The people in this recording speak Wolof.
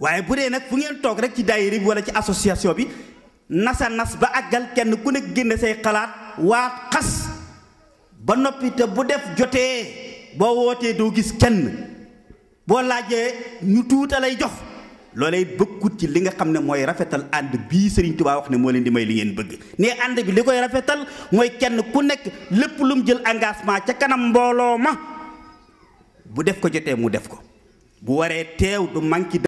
waaye bu dee nag fu ngeen toog rek ci daayira bi wala ci association bi nasa nas ba àggal kenn ku nekk génne say xalaat waa xas ba noppi te bu def jotee boo wootee doo gis kenn boo laajee ñu tuutal lay jox loolay bëggut ci li nga xam ne mooy rafetal ànd bii Serigne Touba wax ne moo leen di may li ngeen bëgg ne ànd bi li koy rafetal mooy kenn ku nekk lépp lu mu jël engagement ca kanam mbooloo ma bu def ko jotee mu def ko bu waree teew du manqué.